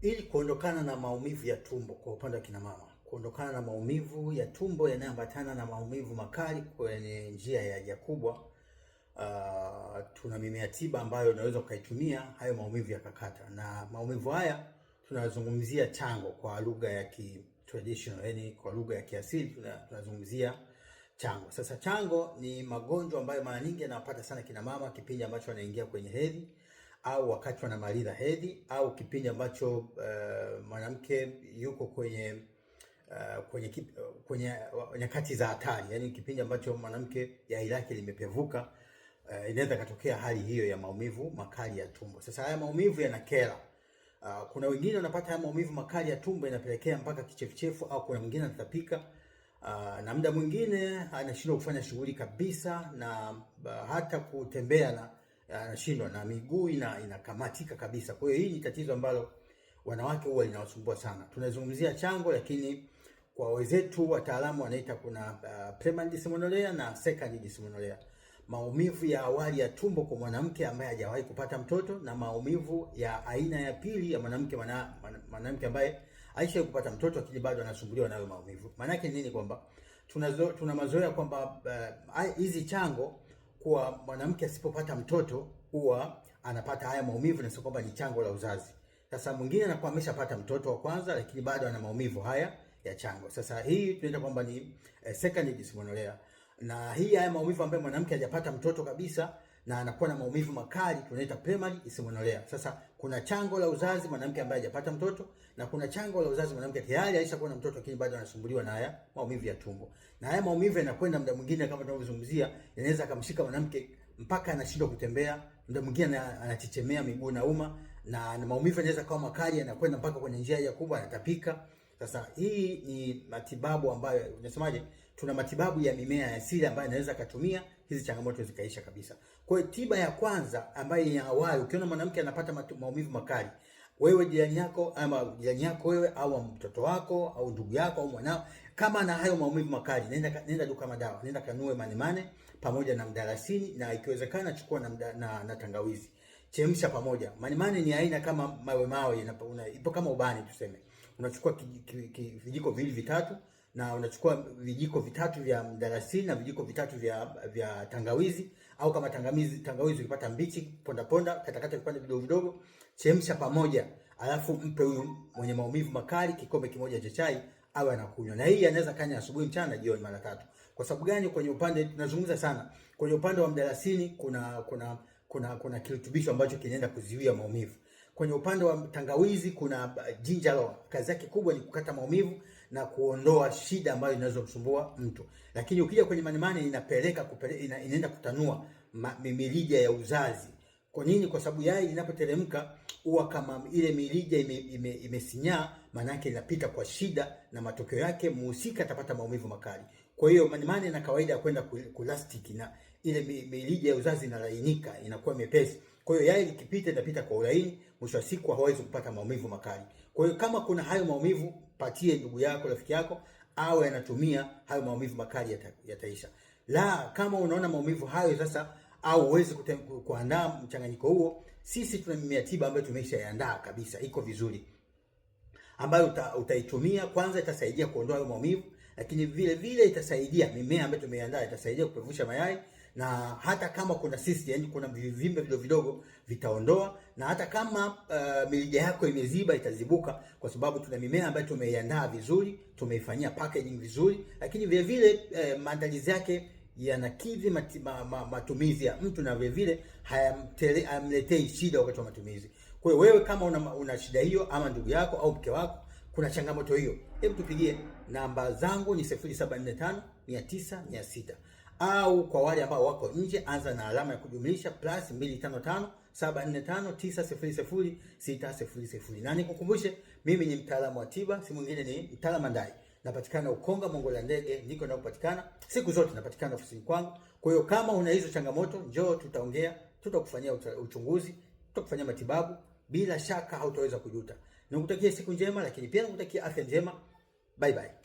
ili kuondokana na maumivu ya tumbo kwa upande wa kina mama, kuondokana na maumivu ya tumbo yanayoambatana na maumivu makali kwenye njia ya haja kubwa, uh, tuna mimea tiba ambayo unaweza ukaitumia hayo maumivu yakakata. Na maumivu haya tunazungumzia chango kwa lugha ya ki traditional, yani kwa lugha ya kiasili tunazungumzia chango. Sasa chango ni magonjwa ambayo mara nyingi yanapata sana kina mama kipindi ambacho wanaingia kwenye hedhi au wakati wanamaliza hedhi au kipindi ambacho uh, mwanamke yuko kwenye uh, kwenye, kip, kwenye nyakati za hatari, yani kipindi ambacho mwanamke yai lake limepevuka. Uh, inaweza katokea hali hiyo ya maumivu makali ya tumbo. Sasa haya maumivu yanakera. Uh, kuna wengine wanapata haya maumivu makali ya tumbo inapelekea mpaka kichefuchefu, au kuna mwingine anatapika uh, na muda mwingine anashindwa kufanya shughuli kabisa na uh, hata kutembea na anashindwa na miguu ina, inakamatika kabisa. Kwa hiyo hii ni tatizo ambalo wanawake huwa linawasumbua sana. Tunazungumzia chango, lakini kwa wenzetu wataalamu wanaita kuna uh, primary dysmenorrhea na secondary dysmenorrhea, maumivu ya awali ya tumbo kwa mwanamke ambaye hajawahi kupata mtoto na maumivu ya aina ya pili ya mwanamke mwanamke ambaye aisha kupata mtoto lakini bado anasumbuliwa nayo maumivu. Maana yake nini? Kwamba tuna, tuna mazoea kwamba uh, hizi uh, chango kuwa mwanamke asipopata mtoto huwa anapata haya maumivu, na sio kwamba ni chango la uzazi. Sasa mwingine anakuwa ameshapata mtoto wa kwanza, lakini bado ana maumivu haya ya chango. Sasa hii tunaita kwamba ni eh, secondary dysmenorrhea, na hii haya maumivu ambayo mwanamke hajapata mtoto kabisa na anakuwa na maumivu makali, tunaita primary isimonolea. Sasa kuna chango la uzazi mwanamke ambaye hajapata mtoto na kuna chango la uzazi mwanamke tayari alishakuwa na mtoto, lakini bado anasumbuliwa na haya maumivu ya tumbo, na haya maumivu yanakwenda muda mwingine, kama tunavyozungumzia, yanaweza akamshika mwanamke mpaka anashindwa kutembea, muda mwingine anachechemea, miguu na uma, na maumivu yanaweza kuwa makali, yanakwenda mpaka kwenye njia ya kubwa, anatapika. Sasa hii ni matibabu ambayo unasemaje, tuna matibabu ya mimea ya asili ambayo inaweza katumia hizi changamoto zikaisha kabisa. Kwa hiyo tiba ya kwanza ambayo ni awali, ukiona mwanamke anapata maumivu makali, wewe jirani yako ama jirani yako wewe au mtoto wako au ndugu yako au mwanao, kama ana hayo maumivu makali, nenda nenda duka madawa, nenda kanue manemane pamoja na mdalasini, na ikiwezekana chukua na, na, na tangawizi, chemsha pamoja. Manemane ni aina kama mawe mawe, ipo kama ubani tuseme unachukua vijiko viwili vitatu na unachukua vijiko vitatu vya mdalasini na vijiko vitatu vya vya tangawizi au kama tangamizi tangawizi ukipata mbichi, ponda ponda, katakata vipande vidogo vidogo, chemsha pamoja, alafu mpe huyu mwenye maumivu makali kikombe kimoja cha chai awe anakunywa. Na hii anaweza kanya asubuhi, mchana, jioni mara tatu. Kwa sababu gani? Kwenye upande tunazungumza sana kwenye upande wa mdalasini kuna kuna kuna kuna kirutubisho ambacho kinaenda kuziwia maumivu. Kwenye upande wa tangawizi kuna uh, ginger roa, kazi yake kubwa ni kukata maumivu na kuondoa shida ambayo inaweza kusumbua mtu. Lakini ukija kwenye manemane inapeleka kupele, ina, inaenda kutanua mirija ya uzazi. Kwa nini? Kwa sababu yai linapoteremka huwa kama ile mirija imesinyaa, ime, ime maana yake inapita kwa shida, na matokeo yake muhusika atapata maumivu makali. Kwa hiyo manemane na kawaida ya kwenda kulastiki na ile mirija ya uzazi inalainika, inakuwa mepesi. Kwa hiyo yai likipita itapita kwa ulaini, mwisho wa siku hawezi kupata maumivu makali. Kwa hiyo kama kuna hayo maumivu, patie ndugu yako, rafiki yako awe anatumia hayo maumivu makali yata, yataisha. La, kama unaona maumivu hayo sasa au uwezi kuandaa mchanganyiko huo, sisi tuna mimea tiba ambayo tumeshaiandaa kabisa, iko vizuri, ambayo uta, utaitumia kwanza, itasaidia kuondoa hayo maumivu, lakini vile vile itasaidia mimea ambayo tumeiandaa itasaidia kupevusha mayai na hata kama kuna cyst, yaani kuna vivimbe vidogo vidogo vitaondoa, na hata kama uh, mirija yako imeziba itazibuka, kwa sababu tuna mimea ambayo tumeiandaa vizuri, tumeifanyia packaging vizuri, lakini vile vile eh, maandalizi yake yanakidhi matumizi ya mtu na vile vile hayamletei shida wakati wa matumizi. Kwa hiyo wewe kama una, una shida hiyo ama ndugu yako au mke wako kuna changamoto hiyo, hebu tupigie namba zangu ni 0745 900 600 au kwa wale ambao wako nje, anza na alama ya kujumlisha plus 255 Na nikukumbushe, mimi ni mtaalamu wa tiba, si mwingine ni mtaalamu Mandai. Napatikana Ukonga Mongo la Ndege, niko na kupatikana siku zote, napatikana ofisini kwangu. Kwa hiyo kama una hizo changamoto, njoo tutaongea, tutakufanyia uchunguzi, tutakufanyia matibabu, bila shaka hautaweza kujuta. Nikutakie siku njema, lakini pia nikutakie afya njema. Bye bye.